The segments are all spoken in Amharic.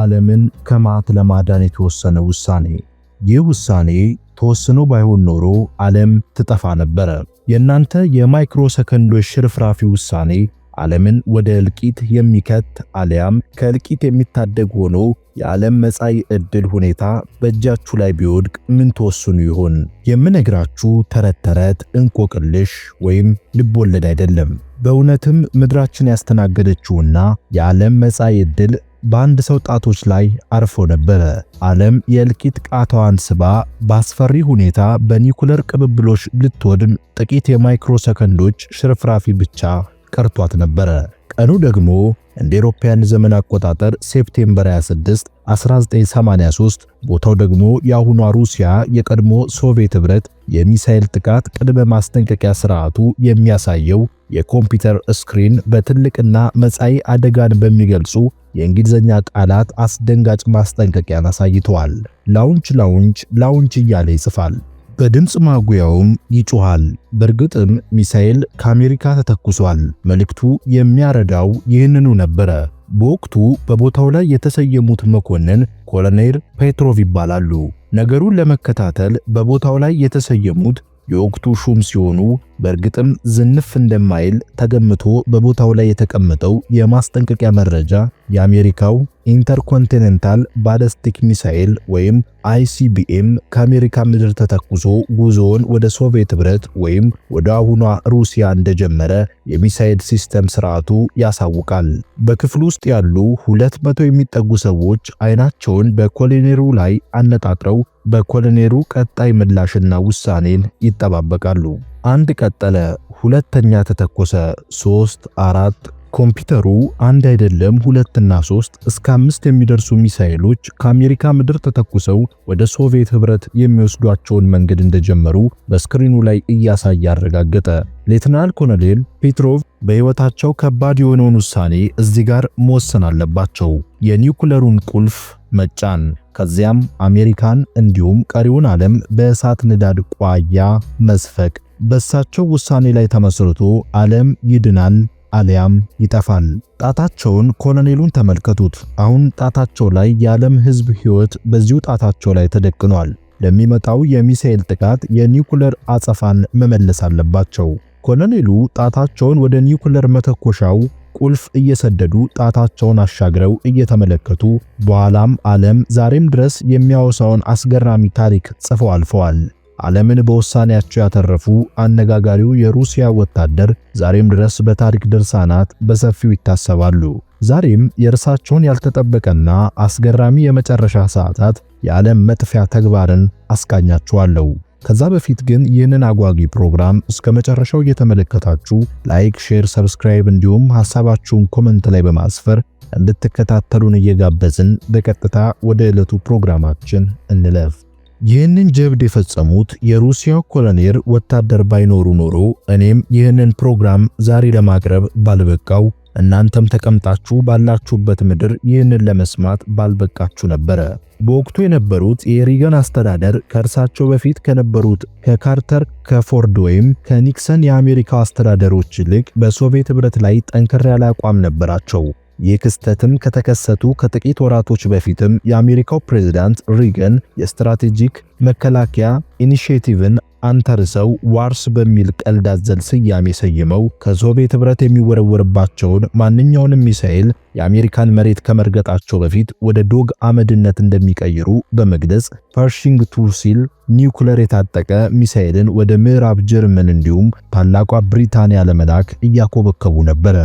ዓለምን ከመዓት ለማዳን የተወሰነ ውሳኔ። ይህ ውሳኔ ተወስኖ ባይሆን ኖሮ ዓለም ትጠፋ ነበረ። የእናንተ የማይክሮ ሰከንዶች ሽርፍራፊ ውሳኔ ዓለምን ወደ እልቂት የሚከት አሊያም ከእልቂት የሚታደግ ሆኖ የዓለም መጻኢ ዕድል ሁኔታ በእጃችሁ ላይ ቢወድቅ ምን ተወስኑ ይሆን? የምነግራችሁ ተረት ተረት እንቆቅልሽ ወይም ወለድ አይደለም። በእውነትም ምድራችን ያስተናገደችውና የዓለም መጻኢ ዕድል በአንድ ሰው ጣቶች ላይ አርፎ ነበረ። ዓለም የእልቂት ቃታዋን ስባ በአስፈሪ ሁኔታ በኒኩለር ቅብብሎች ልትወድም ጥቂት የማይክሮ ሰከንዶች ሽርፍራፊ ብቻ ቀርቷት ነበረ። ቀኑ ደግሞ እንደ ኤሮፓያን ዘመን አቆጣጠር ሴፕቴምበር 26 1983፣ ቦታው ደግሞ የአሁኗ ሩሲያ የቀድሞ ሶቪየት ኅብረት የሚሳኤል ጥቃት ቅድመ ማስጠንቀቂያ ስርዓቱ የሚያሳየው የኮምፒውተር ስክሪን በትልቅና መጻኢ አደጋን በሚገልጹ የእንግሊዝኛ ቃላት አስደንጋጭ ማስጠንቀቂያን አሳይተዋል። ላውንች ላውንች ላውንች እያለ ይጽፋል። በድምፅ ማጉያውም ይጮሃል። በእርግጥም ሚሳኤል ከአሜሪካ ተተኩሷል። መልእክቱ የሚያረዳው ይህንኑ ነበረ። በወቅቱ በቦታው ላይ የተሰየሙት መኮንን ኮሎኔል ፔትሮቭ ይባላሉ። ነገሩን ለመከታተል በቦታው ላይ የተሰየሙት የወቅቱ ሹም ሲሆኑ በእርግጥም ዝንፍ እንደማይል ተገምቶ በቦታው ላይ የተቀመጠው የማስጠንቀቂያ መረጃ የአሜሪካው ኢንተርኮንቲኔንታል ባለስቲክ ሚሳኤል ወይም አይሲቢኤም ከአሜሪካ ምድር ተተኩሶ ጉዞውን ወደ ሶቪየት ኅብረት ወይም ወደ አሁኗ ሩሲያ እንደጀመረ የሚሳኤል ሲስተም ስርዓቱ ያሳውቃል። በክፍሉ ውስጥ ያሉ ሁለት መቶ የሚጠጉ ሰዎች አይናቸውን በኮሊኔሩ ላይ አነጣጥረው በኮሎኔሉ ቀጣይ ምላሽና ውሳኔን ይጠባበቃሉ። አንድ ቀጠለ፣ ሁለተኛ ተተኮሰ፣ ሶስት አራት ኮምፒውተሩ አንድ አይደለም ሁለትና ሶስት እስከ አምስት የሚደርሱ ሚሳኤሎች ከአሜሪካ ምድር ተተኩሰው ወደ ሶቪየት ህብረት የሚወስዷቸውን መንገድ እንደጀመሩ በስክሪኑ ላይ እያሳየ አረጋገጠ። ሌትናል ኮሎኔል ፔትሮቭ በሕይወታቸው ከባድ የሆነውን ውሳኔ እዚህ ጋር መወሰን አለባቸው። የኒውክለሩን ቁልፍ መጫን ከዚያም አሜሪካን እንዲሁም ቀሪውን ዓለም በእሳት ንዳድ ቋያ መስፈቅ በእሳቸው ውሳኔ ላይ ተመስርቶ ዓለም ይድናል አሊያም ይጠፋል። ጣታቸውን ኮሎኔሉን ተመልከቱት። አሁን ጣታቸው ላይ የዓለም ሕዝብ ሕይወት በዚሁ ጣታቸው ላይ ተደቅኗል። ለሚመጣው የሚሳኤል ጥቃት የኒውክለር አጸፋን መመለስ አለባቸው። ኮሎኔሉ ጣታቸውን ወደ ኒውክለር መተኮሻው ቁልፍ እየሰደዱ ጣታቸውን አሻግረው እየተመለከቱ በኋላም ዓለም ዛሬም ድረስ የሚያወሳውን አስገራሚ ታሪክ ጽፈው አልፈዋል። ዓለምን በውሳኔያቸው ያተረፉ አነጋጋሪው የሩሲያ ወታደር ዛሬም ድረስ በታሪክ ድርሳናት በሰፊው ይታሰባሉ። ዛሬም የእርሳቸውን ያልተጠበቀና አስገራሚ የመጨረሻ ሰዓታት የዓለም መጥፊያ ተግባርን አስቃኛችኋለሁ። ከዛ በፊት ግን ይህንን አጓጊ ፕሮግራም እስከ መጨረሻው እየተመለከታችሁ ላይክ፣ ሼር፣ ሰብስክራይብ እንዲሁም ሐሳባችሁን ኮመንት ላይ በማስፈር እንድትከታተሉን እየጋበዝን በቀጥታ ወደ ዕለቱ ፕሮግራማችን እንለፍ። ይህንን ጀብድ የፈጸሙት የሩሲያው ኮሎኔል ወታደር ባይኖሩ ኖሮ እኔም ይህንን ፕሮግራም ዛሬ ለማቅረብ ባልበቃው እናንተም ተቀምጣችሁ ባላችሁበት ምድር ይህንን ለመስማት ባልበቃችሁ ነበረ። በወቅቱ የነበሩት የሪገን አስተዳደር ከእርሳቸው በፊት ከነበሩት ከካርተር፣ ከፎርድ ወይም ከኒክሰን የአሜሪካ አስተዳደሮች ይልቅ በሶቪየት ኅብረት ላይ ጠንከር ያለ አቋም ነበራቸው። ይህ ክስተትም ከተከሰቱ ከጥቂት ወራቶች በፊትም የአሜሪካው ፕሬዝዳንት ሪገን የስትራቴጂክ መከላከያ ኢኒሽቲቭን አንተርሰው ዋርስ በሚል ቀልድ አዘል ስያሜ ሰይመው ከሶቪየት ኅብረት የሚወረወርባቸውን ማንኛውንም ሚሳኤል የአሜሪካን መሬት ከመርገጣቸው በፊት ወደ ዶግ አመድነት እንደሚቀይሩ በመግለጽ ፐርሺንግ ቱ ሲል ኒውክለር የታጠቀ ሚሳኤልን ወደ ምዕራብ ጀርመን እንዲሁም ታላቋ ብሪታንያ ለመላክ እያኮበከቡ ነበር።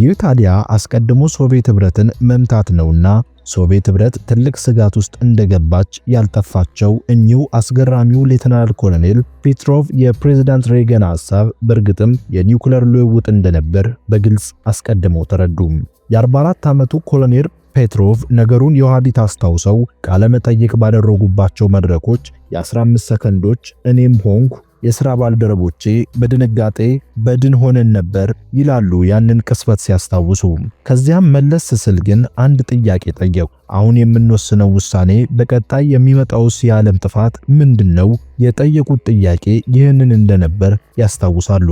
ይህ ታዲያ አስቀድሞ ሶቪየት ህብረትን መምታት ነውና ሶቪየት ህብረት ትልቅ ስጋት ውስጥ እንደገባች ያልጠፋቸው እኚሁ አስገራሚው ሌተናል ኮሎኔል ፔትሮቭ የፕሬዝዳንት ሬገን ሐሳብ በእርግጥም የኒውክለር ልውውጥ እንደነበር በግልጽ አስቀድመው ተረዱም። የ44 ዓመቱ ኮሎኔል ፔትሮቭ ነገሩን የውሃዲት አስታውሰው ቃለመጠይቅ ባደረጉባቸው መድረኮች የ15 ሰከንዶች እኔም ሆንኩ የሥራ ባልደረቦቼ በድንጋጤ በድን ሆነን ነበር ይላሉ ያንን ቅስበት ሲያስታውሱ። ከዚያም መለስ ስል ግን አንድ ጥያቄ ጠየቁ። አሁን የምንወስነው ውሳኔ በቀጣይ የሚመጣውስ የዓለም ጥፋት ምንድን ነው? የጠየቁት ጥያቄ ይህንን እንደነበር ያስታውሳሉ።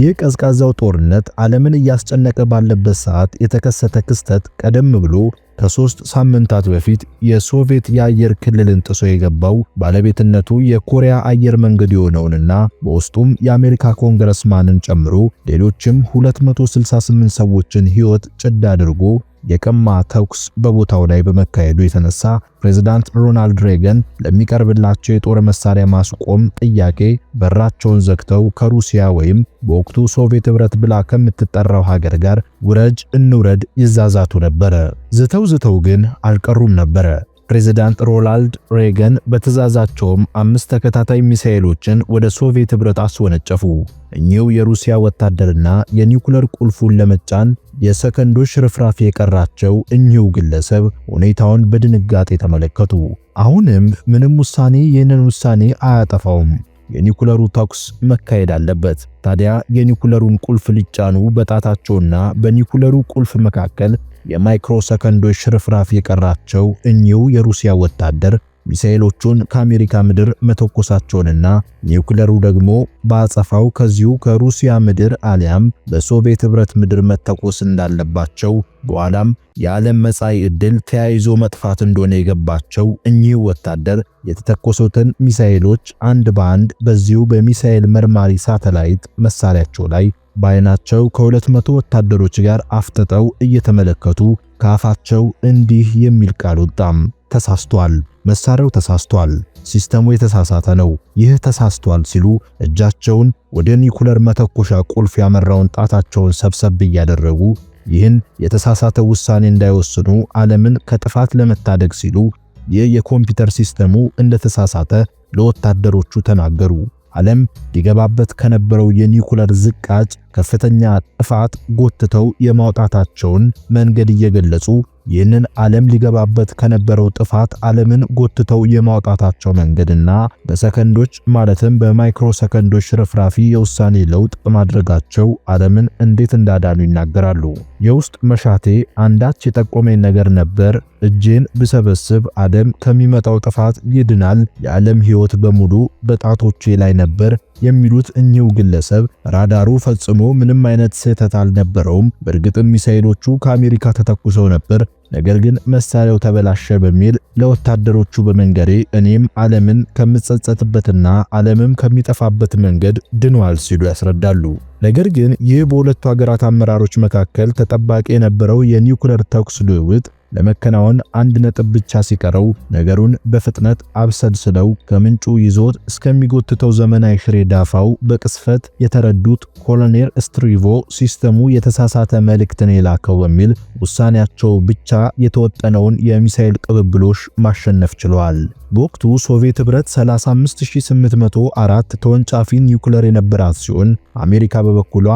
ይህ ቀዝቃዛው ጦርነት ዓለምን እያስጨነቀ ባለበት ሰዓት የተከሰተ ክስተት ቀደም ብሎ ከሶስት ሳምንታት በፊት የሶቪየት የአየር ክልልን ጥሶ የገባው ባለቤትነቱ የኮሪያ አየር መንገድ የሆነውንና በውስጡም የአሜሪካ ኮንግረስማንን ጨምሮ ሌሎችም 268 ሰዎችን ሕይወት ጭድ አድርጎ የቀማ ተኩስ በቦታው ላይ በመካሄዱ የተነሳ ፕሬዝዳንት ሮናልድ ሬገን ለሚቀርብላቸው የጦር መሳሪያ ማስቆም ጥያቄ በራቸውን ዘግተው ከሩሲያ ወይም በወቅቱ ሶቪየት ህብረት ብላ ከምትጠራው ሀገር ጋር ውረጅ እንውረድ ይዛዛቱ ነበረ። ዝተው ዝተው ግን አልቀሩም ነበረ። ፕሬዚዳንት ሮናልድ ሬገን በትዕዛዛቸውም አምስት ተከታታይ ሚሳኤሎችን ወደ ሶቪየት ኅብረት አስወነጨፉ። እኚው የሩሲያ ወታደርና የኒውክለር ቁልፉን ለመጫን የሰከንዶች ርፍራፊ የቀራቸው እኚው ግለሰብ ሁኔታውን በድንጋጤ ተመለከቱ። አሁንም ምንም ውሳኔ ይህንን ውሳኔ አያጠፋውም። የኒኩለሩ ተኩስ መካሄድ አለበት። ታዲያ የኒኩለሩን ቁልፍ ሊጫኑ በጣታቸውና በኒኩለሩ ቁልፍ መካከል የማይክሮ ሰከንዶች ሽርፍራፍ የቀራቸው እኚው የሩሲያ ወታደር ሚሳኤሎቹን ከአሜሪካ ምድር መተኮሳቸውንና ኒውክለሩ ደግሞ በአጸፋው ከዚሁ ከሩሲያ ምድር አሊያም በሶቪየት ኅብረት ምድር መተኮስ እንዳለባቸው በኋላም የዓለም መጻኢ ዕድል ተያይዞ መጥፋት እንደሆነ የገባቸው እኚህ ወታደር የተተኮሱትን ሚሳኤሎች አንድ በአንድ በዚሁ በሚሳኤል መርማሪ ሳተላይት መሳሪያቸው ላይ በዓይናቸው ከሁለት መቶ ወታደሮች ጋር አፍጥጠው እየተመለከቱ ከአፋቸው እንዲህ የሚል ቃል ወጣም፣ ተሳስቷል፣ መሳሪያው ተሳስቷል፣ ሲስተሙ የተሳሳተ ነው፣ ይህ ተሳስቷል ሲሉ እጃቸውን ወደ ኒኩለር መተኮሻ ቁልፍ ያመራውን ጣታቸውን ሰብሰብ እያደረጉ ይህን የተሳሳተ ውሳኔ እንዳይወስኑ ዓለምን ከጥፋት ለመታደግ ሲሉ ይህ የኮምፒውተር ሲስተሙ እንደተሳሳተ ለወታደሮቹ ተናገሩ። ዓለም ሊገባበት ከነበረው የኒኩለር ዝቃጭ ከፍተኛ ጥፋት ጎትተው የማውጣታቸውን መንገድ እየገለጹ ይህንን ዓለም ሊገባበት ከነበረው ጥፋት ዓለምን ጎትተው የማውጣታቸው መንገድና በሰከንዶች ማለትም በማይክሮ ሰከንዶች ርፍራፊ የውሳኔ ለውጥ በማድረጋቸው ዓለምን እንዴት እንዳዳኑ ይናገራሉ። የውስጥ መሻቴ አንዳች የጠቆመኝ ነገር ነበር። እጄን ብሰበስብ ዓለም ከሚመጣው ጥፋት ይድናል። የዓለም ሕይወት በሙሉ በጣቶቼ ላይ ነበር። የሚሉት እኚው ግለሰብ ራዳሩ ፈጽሞ ምንም አይነት ስህተት አልነበረውም፣ በእርግጥም ሚሳኤሎቹ ከአሜሪካ ተተኩሰው ነበር፣ ነገር ግን መሳሪያው ተበላሸ በሚል ለወታደሮቹ በመንገሬ እኔም ዓለምን ከምጸጸትበትና ዓለምም ከሚጠፋበት መንገድ ድኗል ሲሉ ያስረዳሉ። ነገር ግን ይህ በሁለቱ ሀገራት አመራሮች መካከል ተጠባቂ የነበረው የኒውክለር ተኩስ ልውውጥ ለመከናወን አንድ ነጥብ ብቻ ሲቀረው ነገሩን በፍጥነት አብሰልስለው ከምንጩ ይዞት እስከሚጎትተው ዘመናዊ ሽሬ ዳፋው በቅስፈት የተረዱት ኮሎኔል ስትሪቮ ሲስተሙ የተሳሳተ መልእክትን የላከው በሚል ውሳኔያቸው ብቻ የተወጠነውን የሚሳኤል ቅብብሎሽ ማሸነፍ ችሏል። በወቅቱ ሶቪየት ህብረት 35804 ተወንጫፊ ኒውክለር የነበራት ሲሆን አሜሪካ በበኩሏ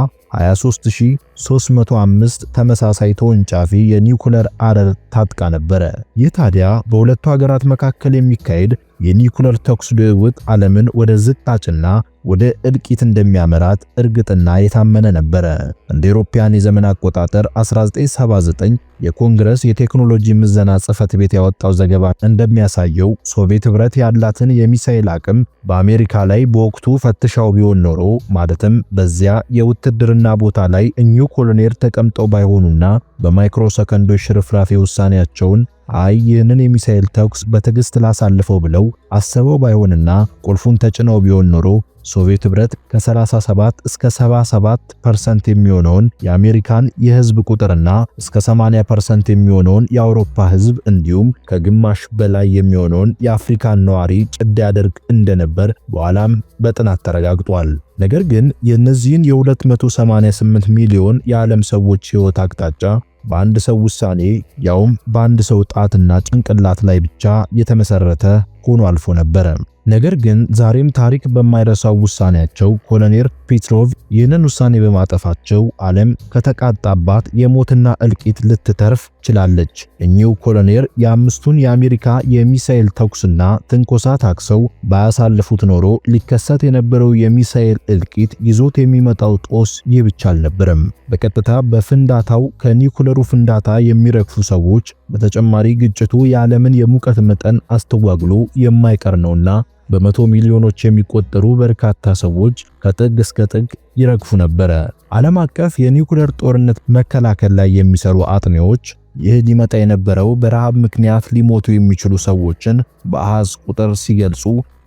23305 ተመሳሳይ ተወንጫፊ የኒውክለር አረር ታጥቃ ነበረ። ይህ ታዲያ በሁለቱ ሀገራት መካከል የሚካሄድ የኒኩለር ተኩስ ልውውጥ ዓለምን ወደ ዝቅጣጭና ወደ እልቂት እንደሚያመራት እርግጥና የታመነ ነበረ። እንደ አውሮፓውያን የዘመን አቆጣጠር 1979 የኮንግረስ የቴክኖሎጂ ምዘና ጽህፈት ቤት ያወጣው ዘገባ እንደሚያሳየው ሶቪየት ህብረት ያላትን የሚሳኤል አቅም በአሜሪካ ላይ በወቅቱ ፈትሻው ቢሆን ኖሮ ማለትም በዚያ የውትድርና ቦታ ላይ እኚሁ ኮሎኔል ተቀምጠው ባይሆኑና በማይክሮሰከንዶች ሽርፍራፊ ውሳኔያቸውን አይ ይህንን የሚሳኤል ተኩስ በትዕግስት ላሳልፈው ብለው አሰበው ባይሆንና ቁልፉን ተጭነው ቢሆን ኖሮ ሶቪየት ህብረት ከ37 እስከ 77% የሚሆነውን የአሜሪካን የህዝብ ቁጥርና እስከ 80% የሚሆነውን የአውሮፓ ህዝብ እንዲሁም ከግማሽ በላይ የሚሆነውን የአፍሪካን ነዋሪ ጭዳ ያደርግ እንደነበር በኋላም በጥናት ተረጋግጧል። ነገር ግን የእነዚህን የ288 ሚሊዮን የዓለም ሰዎች ህይወት አቅጣጫ በአንድ ሰው ውሳኔ ያውም በአንድ ሰው ጣትና ጭንቅላት ላይ ብቻ የተመሰረተ ሆኖ አልፎ ነበረ። ነገር ግን ዛሬም ታሪክ በማይረሳው ውሳኔያቸው ኮሎኔል ፔትሮቭ ይህንን ውሳኔ በማጠፋቸው ዓለም ከተቃጣባት የሞትና እልቂት ልትተርፍ ችላለች። እኚው ኮሎኔል የአምስቱን የአሜሪካ የሚሳኤል ተኩስና ትንኮሳ ታክሰው ባያሳልፉት ኖሮ ሊከሰት የነበረው የሚሳኤል እልቂት ይዞት የሚመጣው ጦስ ይህ ብቻ አልነበረም። በቀጥታ በፍንዳታው ከኒኩለሩ ፍንዳታ የሚረግፉ ሰዎች፣ በተጨማሪ ግጭቱ የዓለምን የሙቀት መጠን አስተዋግሎ የማይቀር ነውና በመቶ ሚሊዮኖች የሚቆጠሩ በርካታ ሰዎች ከጥግ እስከ ጥግ ይረግፉ ነበረ። ዓለም አቀፍ የኒኩለር ጦርነት መከላከል ላይ የሚሰሩ አጥኔዎች ይህ ሊመጣ የነበረው በረሃብ ምክንያት ሊሞቱ የሚችሉ ሰዎችን በአሃዝ ቁጥር ሲገልጹ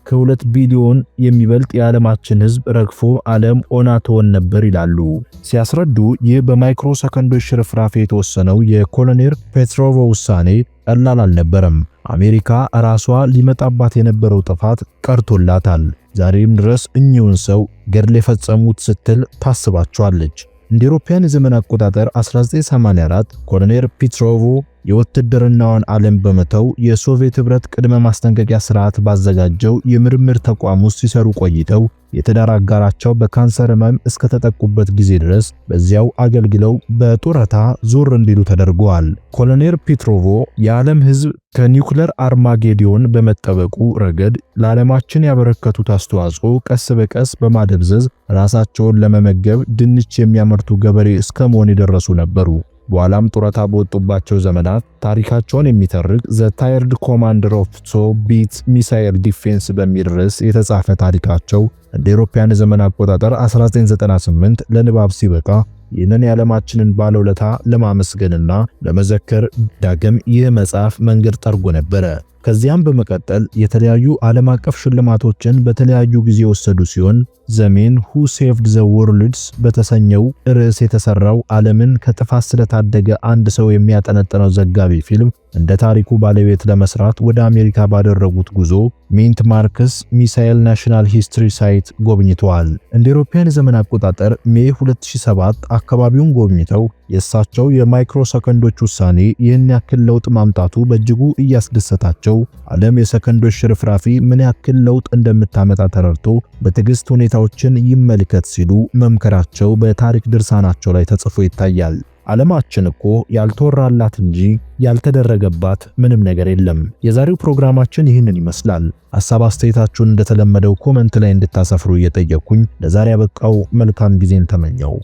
ከሁለት ቢሊዮን የሚበልጥ የዓለማችን ሕዝብ ረግፎ ዓለም ኦናቶን ነበር ይላሉ ሲያስረዱ። ይህ በማይክሮ ሰከንዶች ሽርፍራፊ የተወሰነው የኮሎኔል ፔትሮቭ ውሳኔ ቀላል አልነበረም። አሜሪካ ራሷ ሊመጣባት የነበረው ጥፋት ቀርቶላታል። ዛሬም ድረስ እኚሁን ሰው ገድል የፈጸሙት ስትል ታስባቸዋለች። እንደ አውሮፓውያን የዘመን አቆጣጠር 1984 ኮሎኔል ፒትሮቭ የውትድርናውን ዓለም በመተው የሶቪየት ኅብረት ቅድመ ማስጠንቀቂያ ስርዓት ባዘጋጀው የምርምር ተቋም ውስጥ ሲሰሩ ቆይተው የትዳር አጋራቸው በካንሰር ህመም እስከተጠቁበት ጊዜ ድረስ በዚያው አገልግለው በጡረታ ዞር እንዲሉ ተደርገዋል። ኮሎኔል ፒትሮቮ የዓለም ህዝብ ከኒውክለር አርማጌዲዮን በመጠበቁ ረገድ ለዓለማችን ያበረከቱት አስተዋጽኦ ቀስ በቀስ በማደብዘዝ ራሳቸውን ለመመገብ ድንች የሚያመርቱ ገበሬ እስከመሆን የደረሱ ነበሩ። በኋላም ጡረታ በወጡባቸው ዘመናት ታሪካቸውን የሚተርክ ዘ ታይርድ ኮማንደር ኦፍ ሶ ቢት ሚሳይል ዲፌንስ በሚል ርዕስ የተጻፈ ታሪካቸው እንደ ኤሮፓያን ዘመን አቆጣጠር 1998 ለንባብ ሲበቃ ይህንን የዓለማችንን ባለውለታ ለማመስገንና ለመዘከር ዳግም ይህ መጽሐፍ መንገድ ጠርጎ ነበረ። ከዚያም በመቀጠል የተለያዩ ዓለም አቀፍ ሽልማቶችን በተለያዩ ጊዜ የወሰዱ ሲሆን ዘሜን ሁ ሴቭድ ዘ ወርልድስ በተሰኘው ርዕስ የተሰራው ዓለምን ከጥፋት ስለታደገ አንድ ሰው የሚያጠነጥነው ዘጋቢ ፊልም እንደ ታሪኩ ባለቤት ለመስራት ወደ አሜሪካ ባደረጉት ጉዞ ሚንት ማርክስ ሚሳኤል ናሽናል ሂስትሪ ሳይት ጎብኝተዋል። እንደ አውሮፓውያን የዘመን አቆጣጠር ሜ 2007 አካባቢውን ጎብኝተው የእሳቸው የማይክሮ ሰከንዶች ውሳኔ ይህን ያክል ለውጥ ማምጣቱ በእጅጉ እያስደሰታቸው ዓለም የሰከንዶች ሽርፍራፊ ምን ያክል ለውጥ እንደምታመጣ ተረድቶ በትዕግስት ሁኔታ ሁኔታዎችን ይመልከት ሲሉ መምከራቸው በታሪክ ድርሳናቸው ላይ ተጽፎ ይታያል። ዓለማችን እኮ ያልተወራላት እንጂ ያልተደረገባት ምንም ነገር የለም። የዛሬው ፕሮግራማችን ይህንን ይመስላል። ሐሳብ አስተያየታችሁን እንደተለመደው ኮመንት ላይ እንድታሰፍሩ እየጠየቅኩኝ ለዛሬ ያበቃው መልካም ጊዜን ተመኘው።